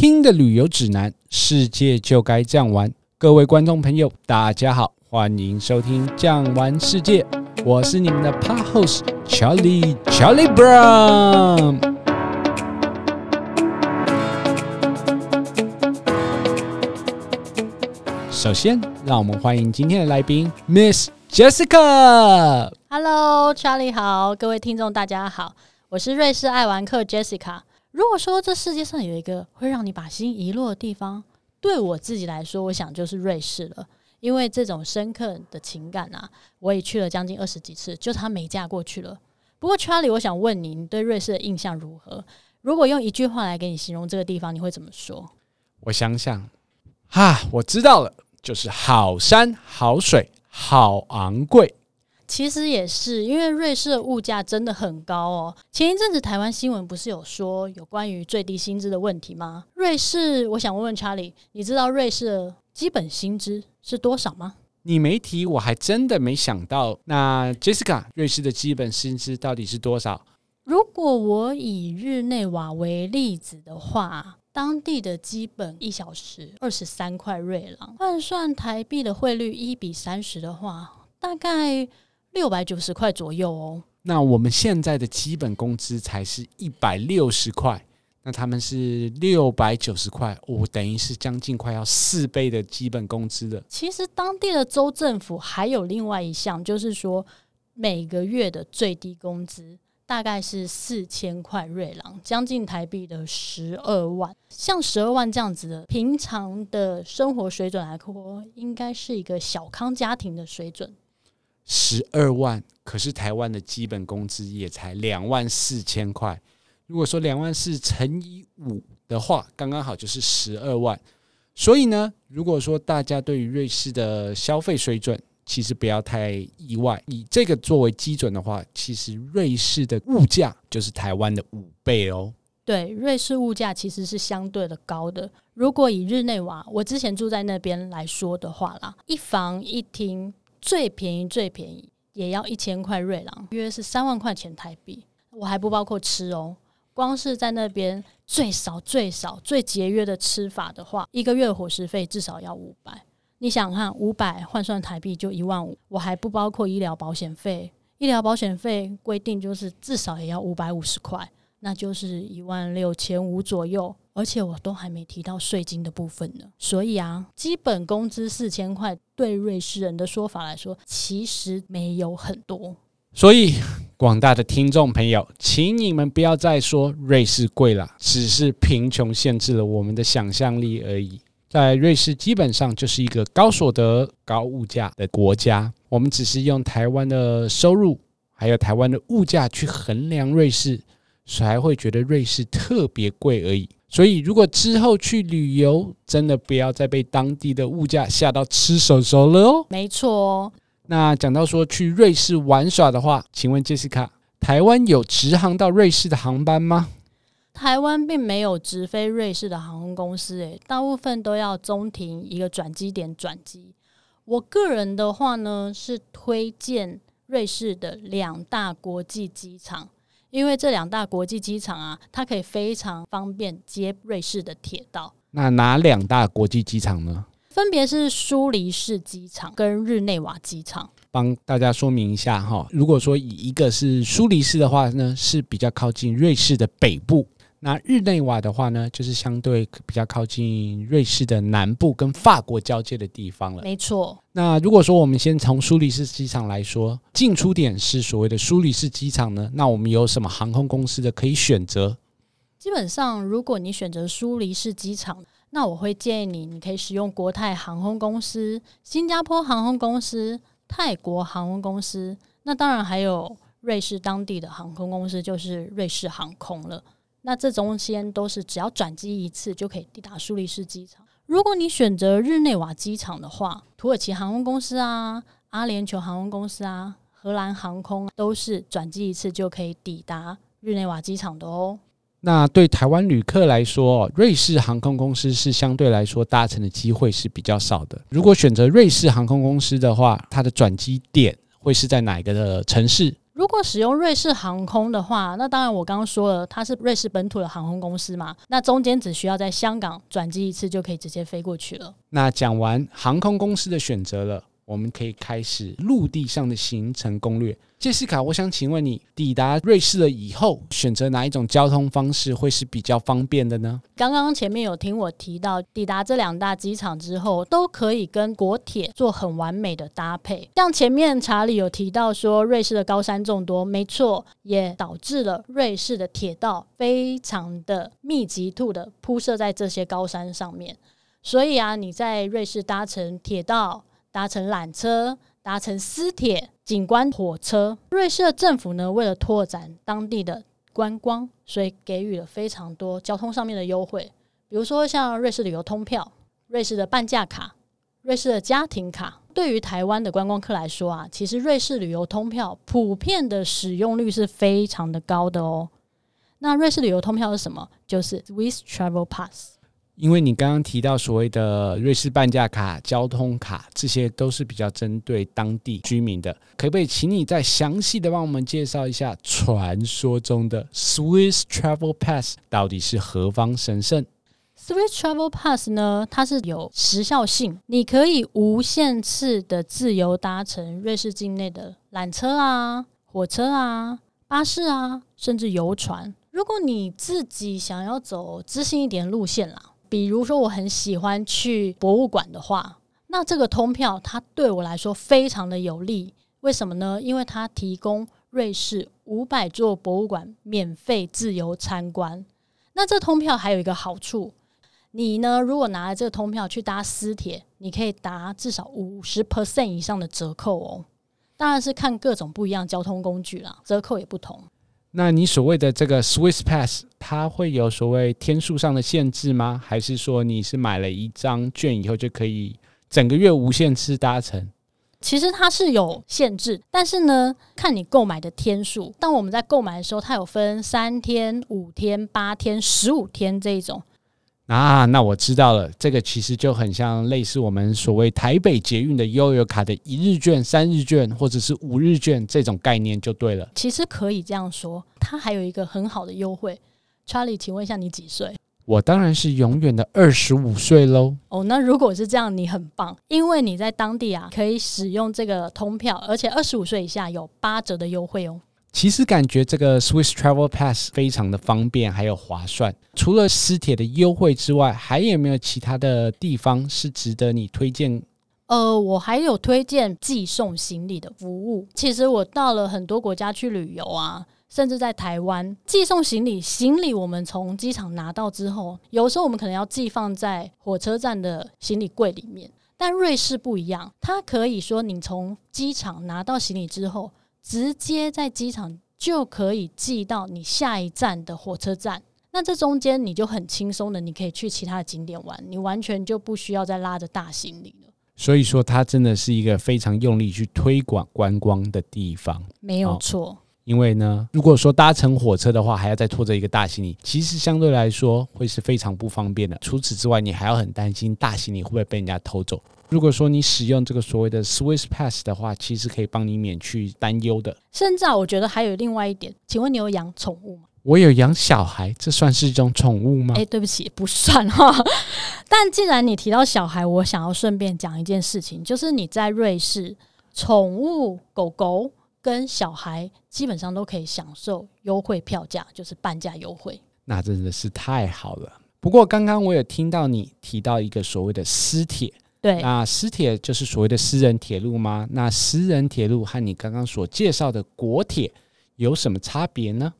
聽的旅遊指南，世界就該這樣玩。各位觀眾朋友，大家好，歡迎收聽《這樣玩世界》，我是你們的 Pod host Charlie Charlie Brown。首先，讓我們歡迎今天的來賓 Miss Jessica。Hello，Charlie，好，各位聽眾大家好，我是瑞士愛玩客 Jessica。如果說這世界上有一個會讓你把心遺落的地方，對我自己來說，我想就是瑞士了。因為這種深刻的情感啊，我也去了將近二十幾次，就差沒嫁過去了。不過，Charlie，我想問你，你對瑞士的印象如何？如果用一句話來給你形容這個地方，你會怎麼說？我想想哈，我知道了，就是好山好水，好昂貴。其實也是，因為瑞士的物價真的很高哦。前一陣子台灣新聞不是有說有關於最低薪資的問題嗎？瑞士，我想問問查理，你知道瑞士的基本薪資是多少嗎？你沒提，我還真的沒想到。那 Jessica，瑞士的基本薪資到底是多少？如果我以日內瓦為例子的話，當地的基本一小時二十三塊瑞郎，換算,算台幣的匯率一比三十的話，大概。六百九十塊左右哦。那我們現在的基本工資才是一百六十塊，那他們是六百九十塊，我、哦、等於是將近快要四倍的基本工資了。其實當地的州政府還有另外一項，就是說每個月的最低工資大概是四千塊瑞郎，將近台幣的十二萬。像十二萬這樣子的平常的生活水準來說，應該是一個小康家庭的水準。十二萬，可是台灣的基本工資也才兩萬四千塊。如果說兩萬四乘以五的話，剛剛好就是十二萬。所以呢，如果說大家對於瑞士的消費水準，其實不要太意外。以這個作為基準的話，其實瑞士的物價就是台灣的五倍哦。對，瑞士物價其實是相對的高的。如果以日內瓦，我之前住在那邊來說的話啦，一房一廳。最便宜最便宜也要一千塊瑞郎，約是三萬塊錢台幣。我還不包括吃哦，光是在那邊最少最少最節約的吃法的話，一個月伙食費至少要五百。你想看五百換算台幣就一萬五，我還不包括醫療保險費。醫療保險費規定就是至少也要五百五十塊，那就是一萬六千五左右。而且我都還沒提到稅金的部分呢，所以啊，基本工資四千塊對瑞士人的說法來說，其實沒有很多。所以廣大的聽眾朋友，請你們不要再說瑞士貴了，只是貧窮限制了我們的想象力而已。在瑞士，基本上就是一個高所得、高物價的國家。我們只是用台灣的收入還有台灣的物價去衡量瑞士，所以還會覺得瑞士特別貴而已。所以，如果之後去旅遊，真的不要再被當地的物價嚇到吃手手了哦。沒錯哦。那講到說去瑞士玩耍的話，請問 Jessica，台灣有直航到瑞士的航班嗎？台灣並沒有直飛瑞士的航空公司，欸，誒，大部分都要中停一個轉機點轉機。我個人的話呢，是推薦瑞士的兩大國際機場。因為這兩大國際機場啊，它可以非常方便接瑞士的鐵道。那哪兩大國際機場呢？分別是蘇黎世機場跟日內瓦機場。幫大家說明一下哈，如果說一個是蘇黎世的話呢，是比較靠近瑞士的北部。那日內瓦的話呢，就是相對比較靠近瑞士的南部，跟法國交界的地方了。沒錯。那如果說我們先從蘇黎世機場來說，進出點是所謂的蘇黎世機場呢，那我們有什麼航空公司的可以選擇？基本上，如果你選擇蘇黎世機場，那我會建議你，你可以使用國泰航空公司、新加坡航空公司、泰國航空公司，那當然還有瑞士當地的航空公司，就是瑞士航空了。那這中間都是只要轉機一次就可以抵達蘇黎世機場。如果你選擇日內瓦機場的話，土耳其航空公司啊、阿聯酋航空公司啊、荷蘭航空都是轉機一次就可以抵達日內瓦機場的哦。那對台灣旅客來說，瑞士航空公司是相對來說搭乘的機會是比較少的。如果選擇瑞士航空公司的話，它的轉機點會是在哪一個的城市？如果使用瑞士航空的話，那當然我剛剛說了，它是瑞士本土的航空公司嘛，那中間只需要在香港轉機一次就可以直接飛過去了。那講完航空公司的選擇了。我們可以開始陸地上的行程攻略。傑西卡，我想請問你，抵達瑞士了以後，選擇哪一種交通方式會是比較方便的呢？剛剛前面有聽我提到，抵達這兩大機場之後，都可以跟國鐵做很完美的搭配。像前面查理有提到說，瑞士的高山眾多，沒錯，也導致了瑞士的鐵道非常的密集地鋪設在這些高山上面。所以啊，你在瑞士搭乘鐵道、搭乘纜車、搭乘私鐵、景觀火車，瑞士的政府呢，為了拓展當地的觀光，所以給予了非常多交通上面的優惠，比如說像瑞士旅遊通票、瑞士的半價卡、瑞士的家庭卡。對於台灣的觀光客來說啊，其實瑞士旅遊通票普遍的使用率是非常的高的哦。那瑞士旅遊通票是什麼？就是 Swiss Travel Pass。因為你剛剛提到所謂的瑞士半價卡、交通卡，這些都是比較針對當地居民的。可不可以請你再詳細地幫我們介紹一下傳說中的 Swiss Travel Pass 到底是何方神聖？Swiss Travel Pass 呢，它是有時效性，你可以無限次的自由搭乘瑞士境內的纜車啊、火車啊、巴士啊，甚至遊船。如果你自己想要走知性一點路線啦，比如說我很喜歡去博物館的話，那這個通票它對我來說非常的有利，為什麼呢？因為它提供瑞士五百座博物館免費自由參觀。那這個通票還有一個好處，你呢如果拿着這個通票去搭私鐵，你可以打至少五十 percent 以上的折扣哦。當然是看各種不一樣交通工具啦，折扣也不同。那你所謂的這個 Swiss Pass，它會有所謂天數上的限制嗎？還是說你是買了一張券，以後就可以整個月無限次搭乘？其實它是有限制，但是呢，看你購買的天數。當我們在購買的時候，它有分三天、五天、八天、十五天這一種。啊，那我知道了，這個其實就很像類似我們所謂台北捷運的悠遊卡的一日券、三日券或者是五日券這種概念就對了。其實可以這樣說，它還有一個很好的優惠。查理，請問一下你幾歲？我當然是永遠的二十五歲嘍。哦，Oh，那如果是這樣，你很棒，因為你在當地啊可以使用這個通票，而且二十五歲以下有八折的優惠哦。其實感覺這個 Swiss Travel Pass 非常的方便，還有划算。除了私鐵的優惠之外，還有沒有其他的地方是值得你推薦？呃，我還有推薦寄送行李的服務。其實我到了很多國家去旅遊啊，甚至在台灣寄送行李，行李我們從機場拿到之後，有時候我們可能要寄放在火車站的行李櫃裡面。但瑞士不一樣，它可以說你從機場拿到行李之後。直接在機場就可以寄到你下一站的火車站，那這中間你就很輕鬆的，你可以去其他的景點玩，你完全就不需要再拉着大行李了。所以說，它真的是一個非常用力去推廣觀光的地方，沒有錯。哦，因為呢，如果說搭乘火車的話，還要再拖着一個大行李，其實相對來說會是非常不方便的。除此之外，你還要很擔心大行李會不會被人家偷走。如果說你使用這個所謂的 Swiss Pass 的話，其實可以幫你免去擔憂的。甚至啊，我覺得還有另外一點，請問你有養寵物嗎？我有養小孩，這算是一種寵物嗎？誒、欸，對不起，不算哈、哦。 但既然你提到小孩，我想要順便講一件事情，就是你在瑞士，寵物、狗狗跟小孩基本上都可以享受優惠票價，就是半價優惠。那真的是太好了。不過剛剛我有聽到你提到一個所謂的私鐵。對，那私鐵就是所謂的私人鐵路嗎？那私人鐵路和你剛剛所介紹的國鐵有什麼差別呢？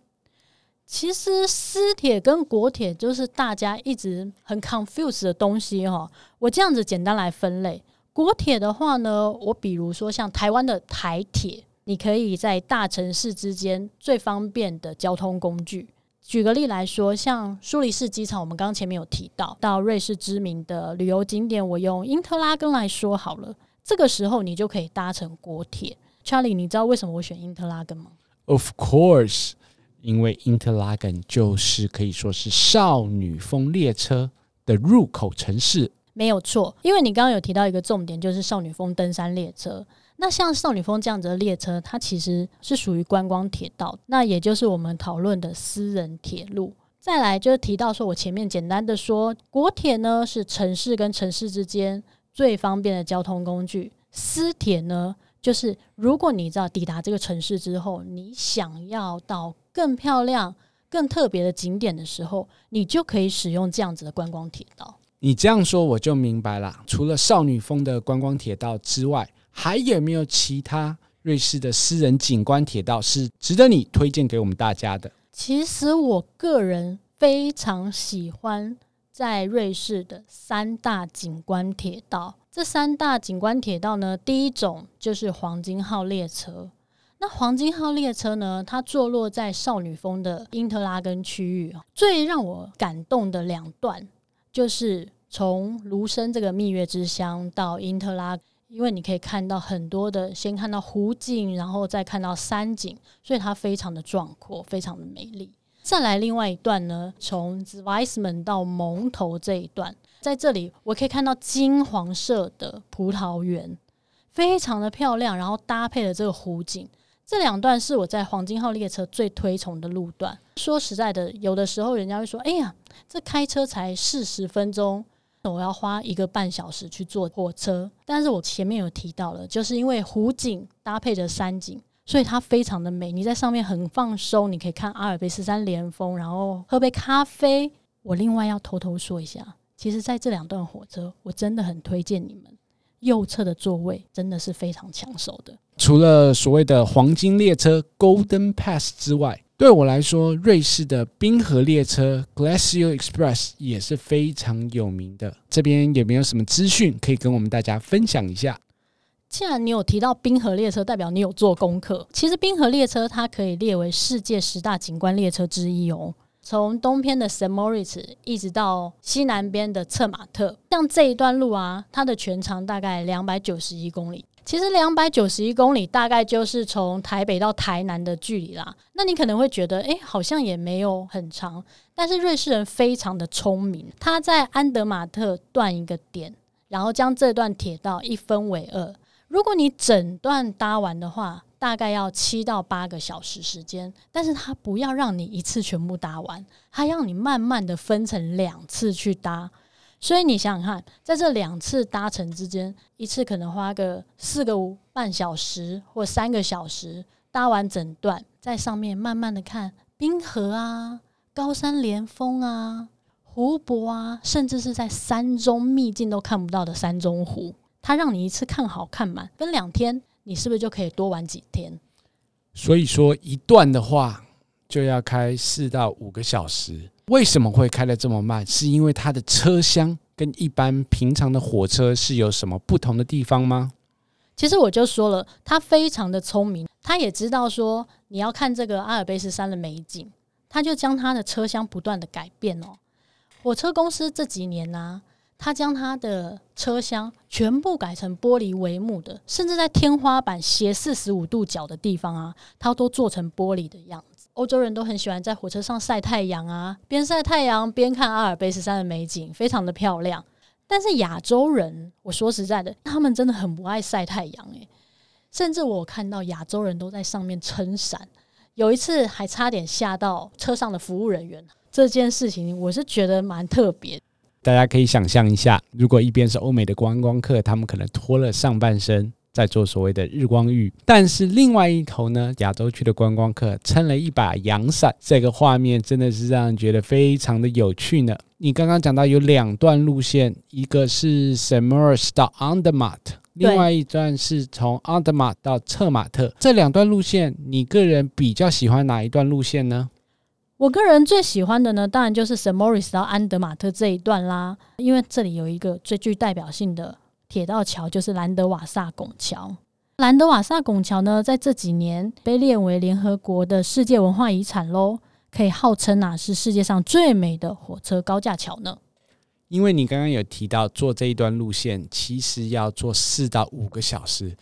其實私鐵跟國鐵就是大家一直很 confuse 的東西哈、哦。我這樣子簡單來分類，國鐵的話呢，我比如說像台灣的台鐵，你可以在大城市之間最方便的交通工具。舉個例來說，像蘇黎世機場，我們剛前面有提到到瑞士知名的旅游景點，我用英特拉根來說好了。這個時候你就可以搭乘國鐵。Charlie，你知道為什麼我選英特拉根嗎？Of course，因為英特拉根就是可以說是少女峰列車的入口城市。沒有錯，因為你剛剛有提到一個重點，就是少女峰登山列車。那像少女峰這樣子的列車，它其實是屬於觀光鐵道，那也就是我們討論的私人鐵路。再來就是提到說，我前面簡單的說，國鐵呢是城市跟城市之間最方便的交通工具，私鐵呢就是如果你知道抵達這個城市之後，你想要到更漂亮、更特別的景點的時候，你就可以使用這樣子的觀光鐵道。你這樣說我就明白了，除了少女峰的觀光鐵道之外。還有沒有其他瑞士的私人景觀鐵道是值得你推薦給我們大家的？其實我個人非常喜歡在瑞士的三大景觀鐵道。這三大景觀鐵道呢，第一種就是黃金號列車。那黃金號列車呢，它坐落在少女峰的因特拉根區域。最讓我感動的兩段，就是從盧森這個蜜月之鄉到因特拉。因為你可以看到很多的，先看到湖景，然後再看到山景，所以它非常的壯闊，非常的美麗。再來另外一段呢，從 Zweisimmen 到蒙頭這一段，在這裡我可以看到金黃色的葡萄園，非常的漂亮，然後搭配了這個湖景，這兩段是我在黃金號列車最推崇的路段。說實在的，有的時候人家會說，哎呀，這開車才四十分鐘。我要花一個半小時去坐火車，但是我前面有提到了，就是因為湖景搭配着山景，所以它非常的美。你在上面很放鬆，你可以看阿爾卑斯山連峰，然後喝杯咖啡。我另外要偷偷說一下，其實在這兩段火車，我真的很推薦你們右側的座位，真的是非常搶手的。除了所謂的黃金列車 Golden Pass 之外。對我來說，瑞士的冰河列車 Glacier Express 也是非常有名的。這邊有沒有什麼資訊可以跟我們大家分享一下？既然你有提到冰河列車，代表你有做功課。其實冰河列車它可以列為世界十大景觀列車之一哦。從東邊的 St. Moritz 一直到西南邊的策馬特，像這一段路啊，它的全長大概兩百九十一公里。其實兩百九十一公里大概就是從台北到台南的距離啦。那你可能會覺得，哎、欸，好像也沒有很長。但是瑞士人非常的聰明，他在安德馬特斷一個點，然後將這段鐵道一分為二。如果你整段搭完的話，大概要七到八個小時時間。但是他不要讓你一次全部搭完，他要你慢慢的分成兩次去搭。所以你想想看，在這兩次搭乘之間，一次可能花個四個半小時或三個小時，搭完整段，在上面慢慢的看冰河啊、高山連峰啊、湖泊啊，甚至是在山中秘境都看不到的山中湖，它讓你一次看好看滿，分兩天，你是不是就可以多玩幾天？所以說，一段的話就要開四到五個小時。為什麼會開得這麼慢？是因為它的車廂跟一般平常的火車是有什麼不同的地方嗎？其實我就說了，他非常的聰明，他也知道說你要看這個阿爾卑斯山的美景，他就將他的車廂不斷的改變哦。火車公司這幾年呢、啊，他將他的車廂全部改成玻璃帷幕的，甚至在天花板斜四十五度角的地方啊，它都做成玻璃的樣子。歐洲人都很喜歡在火車上曬太陽啊，邊曬太陽邊看阿爾卑斯山的美景，非常的漂亮。但是亞洲人，我說實在的，他們真的很不愛曬太陽誒、欸。甚至我看到亞洲人都在上面撐傘，有一次還差點嚇到車上的服務人員。這件事情我是覺得蠻特別。大家可以想象一下，如果一邊是歐美的觀光客，他們可能脫了上半身。在做所謂的日光浴，但是另外一頭呢，亞洲區的觀光客撐了一把陽傘，這個畫面真的是讓人覺得非常的有趣呢。你剛剛講到有兩段路線，一個是聖莫里斯到安德馬特，另外一段是從安德馬特到策馬特。這兩段路線，你個人比較喜歡哪一段路線呢？我個人最喜歡的呢，當然就是聖莫里斯到安德瑪特這一段啦，因為這裡有一個最具代表性的。鐵道橋就是蘭德瓦薩拱橋，蘭德瓦薩拱橋呢，在這幾年被列為聯合國的世界文化遺產嘍，可以號稱吶是世界上最美的火車高架橋呢。因為你剛剛有提到坐這一段路線，其實要坐四到五個小時，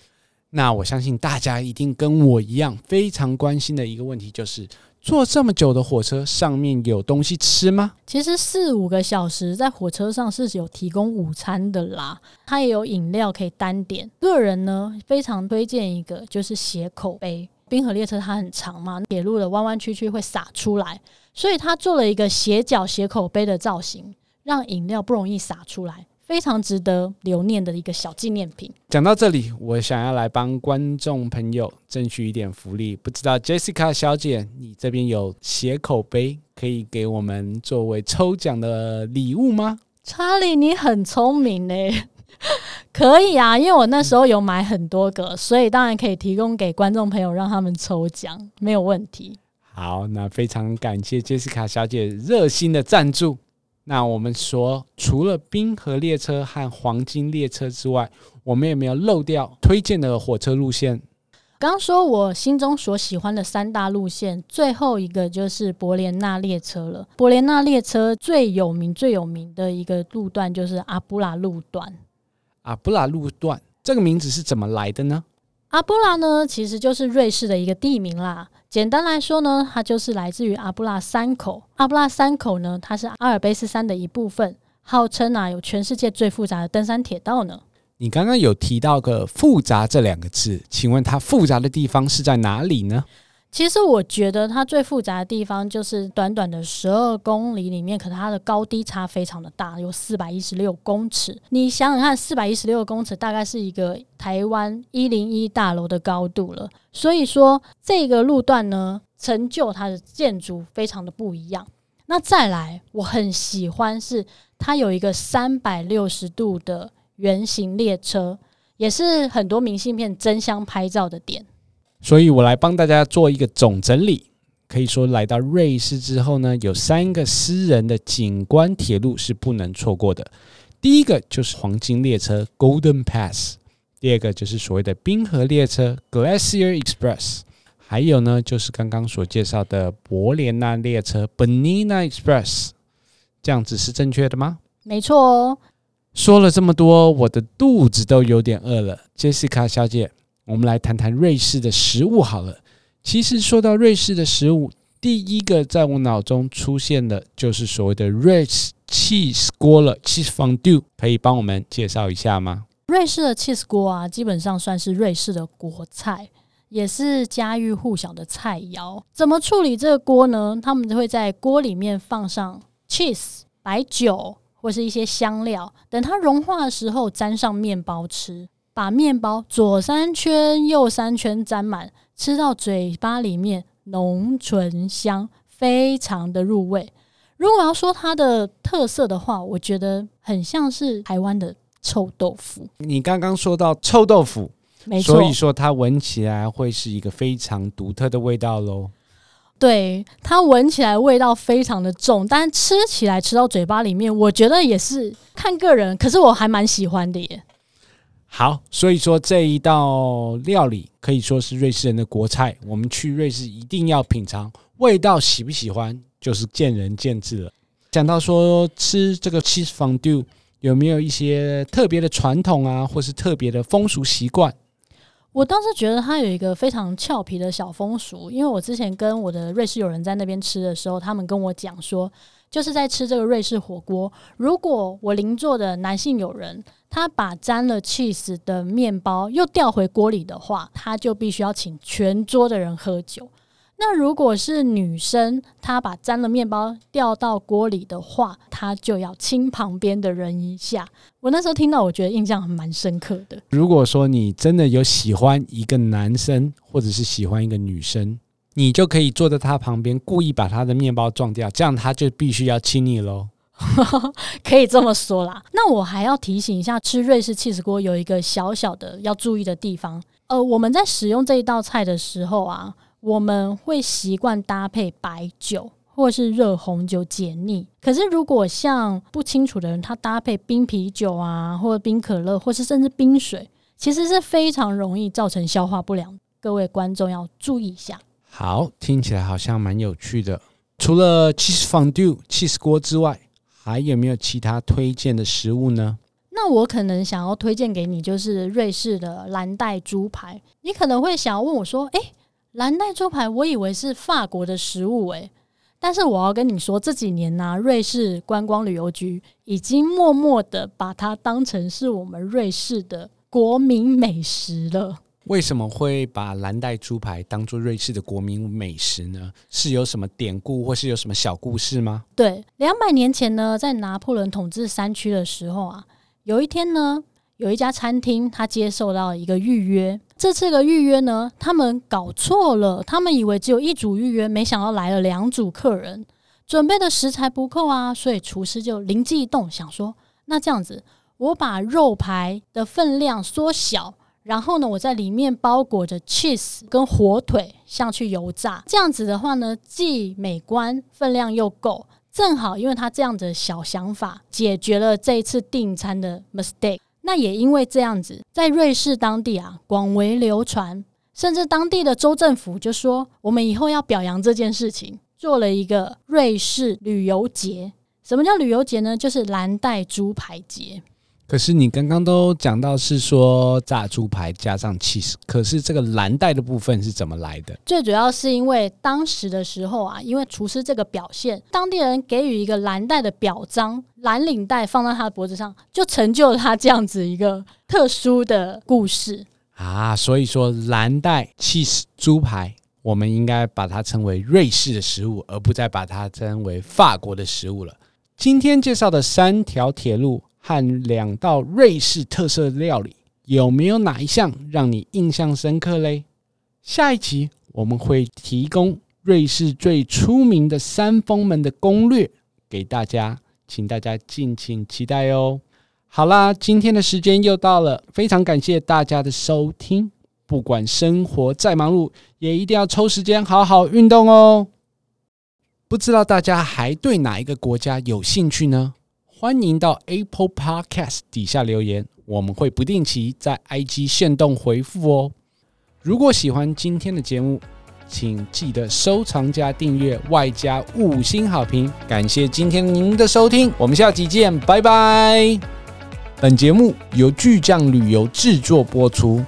那我相信大家一定跟我一樣非常關心的一個問題就是。坐這麼久的火車，上面有東西吃嗎？其實四五個小時在火車上是有提供午餐的啦，它也有飲料可以單點。個人呢非常推薦一個就是斜口杯，冰河列車它很長嘛，鐵路的彎彎曲曲會灑出來，所以它做了一個斜角斜口杯的造型，讓飲料不容易灑出來。非常值得留念的一個小紀念品。講到這裡，我想要來幫觀眾朋友爭取一點福利。不知道 Jessica 小姐，你這邊有斜口杯可以給我們作為抽獎的禮物嗎？查理，你很聰明嘞！ 可以啊，因為我那時候有買很多個、嗯，所以當然可以提供給觀眾朋友讓他們抽獎，沒有問題。好，那非常感謝 Jessica 小姐熱心的贊助。那我們說，除了冰河列車和黃金列車之外，我們有沒有漏掉推薦的火車路線？剛說，我心中所喜歡的三大路線，最後一個就是伯連納列車了。伯連納列車最有名、最有名的一個路段就是阿布拉路段。阿布拉路段這個名字是怎麼來的呢？阿布拉呢，其實就是瑞士的一個地名啦。簡單來說呢，它就是來自於阿布拉山口。阿布拉山口呢，它是阿爾卑斯山的一部分，號稱啊，有全世界最複雜的登山鐵道呢。你剛剛有提到個“複雜”這兩個字，請問它複雜的地方是在哪裡呢？其實我覺得它最複雜的地方就是短短的十二公里裡面，可它的高低差非常的大，有四百一十六公尺。你想想看，四百一十六公尺大概是一個台灣一零一大樓的高度了。所以說這個路段呢，成就它的建築非常的不一樣。那再來，我很喜歡是它有一個三百六十度的圓形列車，也是很多明信片爭相拍照的點。所以我來幫大家做一個總整理。可以說，來到瑞士之後呢，有三個私人的景觀鐵路是不能錯過的。第一個就是黃金列車 Golden Pass，第二個就是所謂的冰河列車 Glacier Express，還有呢就是剛剛所介紹的博蓮娜列車 Bernina Express。這樣子是正確的嗎？沒錯哦。說了這麼多，我的肚子都有點餓了，Jessica 小姐。我們來談談瑞士的食物好了。其實說到瑞士的食物，第一個在我腦中出現的，就是所謂的瑞士 cheese 鍋了，cheese fondue。可以幫我們介紹一下嗎？瑞士的 cheese 鍋啊，基本上算是瑞士的國菜，也是家喻戶曉的菜餚。怎麼處理這個鍋呢？他們就會在鍋裡面放上 cheese、白酒或是一些香料，等它融化的時候，沾上麵包吃。把麵包左三圈、右三圈沾滿，吃到嘴巴裡面濃醇香，非常的入味。如果要說它的特色的話，我覺得很像是台灣的臭豆腐。你剛剛說到臭豆腐，沒錯，所以說它聞起來會是一個非常獨特的味道嘍。對，它聞起來味道非常的重，但吃起來吃到嘴巴裡面，我覺得也是看個人，可是我還蠻喜歡的耶。好，所以說這一道料理可以說是瑞士人的國菜，我們去瑞士一定要品嚐。味道喜不喜歡就是見仁見智了。講到說吃這個 Cheese Fondue 有沒有一些特別的傳統啊，或是特別的風俗習慣？我倒是覺得它有一個非常俏皮的小風俗，因為我之前跟我的瑞士友人在那邊吃的時候，他們跟我講說，就是在吃這個瑞士火鍋，如果我鄰座的男性友人。他把沾了起司的麵包又掉回鍋裡的話，他就必須要請全桌的人喝酒。那如果是女生，她把沾了麵包掉到鍋裡的話，她就要親旁邊的人一下。我那時候聽到，我覺得印象還蠻深刻的。如果說你真的有喜歡一個男生或者是喜歡一個女生，你就可以坐在他旁邊，故意把他的麵包撞掉，這樣他就必須要親你嘍。 可以這麼說啦。那我還要提醒一下，吃瑞士 cheese 鍋有一個小小的要注意的地方。呃，我們在使用這一道菜的時候啊，我們會習慣搭配白酒或是熱紅酒解膩。可是如果像不清楚的人，他搭配冰啤酒啊，或者冰可樂，或是甚至冰水，其實是非常容易造成消化不良。各位觀眾要注意一下。好，聽起來好像蠻有趣的。除了 cheese fondue、cheese 鍋之外，還有沒有其他推薦的食物呢？那我可能想要推薦給你，就是瑞士的藍帶豬排。你可能會想要問我說：“誒，藍帶豬排，我以為是法國的食物誒。”但是我要跟你說，這幾年呢，瑞士觀光旅遊局已經默默地把它當成是我們瑞士的國民美食了。為什麼會把藍帶豬排當做瑞士的國民美食呢？是有什麼典故，或是有什麼小故事嗎？對，兩百年前呢，在拿破崙統治山區的時候啊，有一天呢，有一家餐廳，他接受到一個預約。這次的預約呢，他們搞錯了，他們以為只有一組預約，沒想到來了兩組客人，準備的食材不夠啊，所以廚師就靈機一動，想說，那這樣子，我把肉排的分量縮小，然後呢，我在裡面包裹着 cheese 跟火腿，像去油炸。這樣子的話呢，既美觀，分量又夠。正好，因為他這樣的小想法，解決了這一次訂餐的 mistake。那也因為這樣子，在瑞士當地啊，廣為流傳，甚至當地的州政府就說，我們以後要表揚這件事情，做了一個瑞士旅遊節。什麼叫旅遊節呢？就是藍帶豬排節。可是你剛剛都講到是說炸豬排加上起司，可是這個藍帶的部分是怎麼來的？最主要是因為當時的時候啊，因為廚師這個表現，當地人給予一個藍帶的表彰，藍領帶放到他的脖子上，就成就了他這樣子一個特殊的故事啊。所以說，藍帶起司豬排，我們應該把它稱為瑞士的食物，而不再把它稱為法國的食物了。今天介紹的三條鐵路。和兩道瑞士特色料理，有沒有哪一項讓你印象深刻嘞？下一集我們會提供瑞士最出名的山峰們的攻略給大家，請大家敬請期待哦。好啦，今天的時間又到了，非常感謝大家的收聽。不管生活再忙碌，也一定要抽時間好好運動哦。不知道大家還對哪一個國家有興趣呢？歡迎到 Apple Podcast 底下留言，我們會不定期在 IG 限動回復哦。如果喜歡今天的節目，請記得收藏加訂閱，外加五星好評。感謝今天您的收聽，我們下集見，拜拜。本節目由巨匠旅遊制作播出。